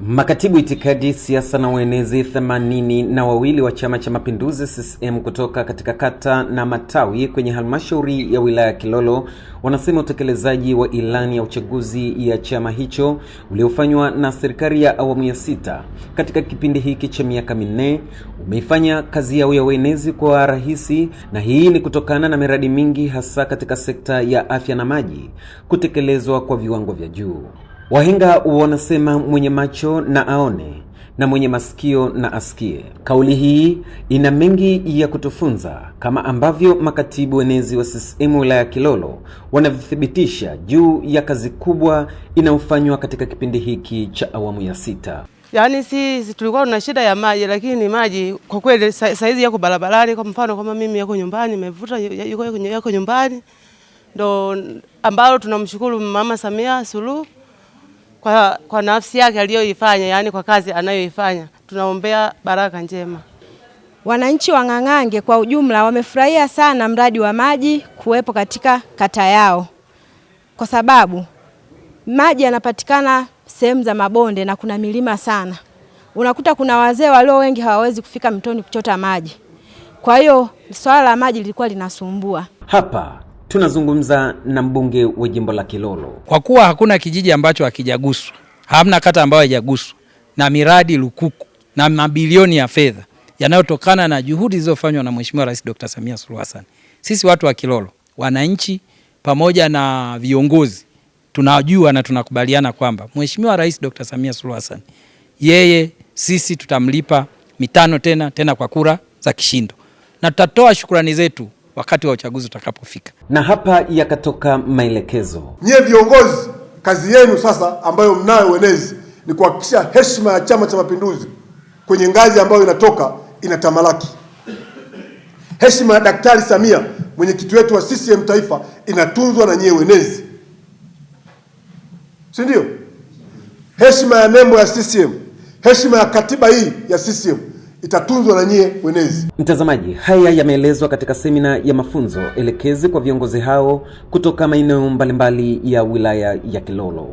Makatibu itikadi, siasa na uenezi themanini na wawili wa Chama cha Mapinduzi CCM kutoka katika kata na matawi kwenye halmashauri ya wilaya Kilolo wanasema utekelezaji wa ilani ya uchaguzi ya chama hicho uliofanywa na serikali ya awamu ya sita katika kipindi hiki cha miaka minne umeifanya kazi yao ya uenezi kwa rahisi, na hii ni kutokana na miradi mingi hasa katika sekta ya afya na maji kutekelezwa kwa viwango vya juu. Wahenga wanasema mwenye macho na aone na mwenye masikio na asikie. Kauli hii ina mengi ya kutufunza, kama ambavyo makatibu wenezi wa CCM wilaya ya Kilolo wanavyothibitisha juu ya kazi kubwa inayofanywa katika kipindi hiki cha awamu ya sita. Yaani sisi tulikuwa tuna shida ya maji, lakini maji kwa kweli saizi yako barabarani. Kwa mfano kama mimi yako nyumbani, nimevuta yako nyumbani, ndo ambalo tunamshukuru Mama Samia Suluhu kwa, kwa nafsi yake aliyoifanya, yaani kwa kazi anayoifanya. Tunaombea baraka njema. Wananchi wa Ng'ang'ange kwa ujumla wamefurahia sana mradi wa maji kuwepo katika kata yao, kwa sababu maji yanapatikana sehemu za mabonde na kuna milima sana. Unakuta kuna wazee walio wengi hawawezi kufika mtoni kuchota maji, kwa hiyo swala la maji lilikuwa linasumbua hapa. Tunazungumza na mbunge wa jimbo la Kilolo. Kwa kuwa hakuna kijiji ambacho hakijaguswa, hamna kata ambayo haijaguswa na miradi lukuku na mabilioni ya fedha yanayotokana na juhudi zilizofanywa na Mheshimiwa Rais Dr. Samia Suluhu Hassan. Sisi watu wa Kilolo, wananchi pamoja na viongozi tunajua na tunakubaliana kwamba Mheshimiwa Rais Dr. Samia Suluhu Hassan yeye sisi tutamlipa mitano tena tena kwa kura za kishindo, na tutatoa shukrani zetu wakati wa uchaguzi utakapofika. Na hapa yakatoka maelekezo. Nyie viongozi, kazi yenu sasa ambayo mnayo wenezi ni kuhakikisha heshima ya Chama cha Mapinduzi kwenye ngazi ambayo inatoka inatamalaki. Heshima ya Daktari Samia mwenyekiti wetu wa CCM Taifa inatunzwa na nyie wenezi, si ndio? Heshima ya nembo ya CCM, heshima ya katiba hii ya CCM itatunzwa na nyie wenezi. Mtazamaji, haya yameelezwa katika semina ya mafunzo elekezi kwa viongozi hao kutoka maeneo mbalimbali ya wilaya ya Kilolo.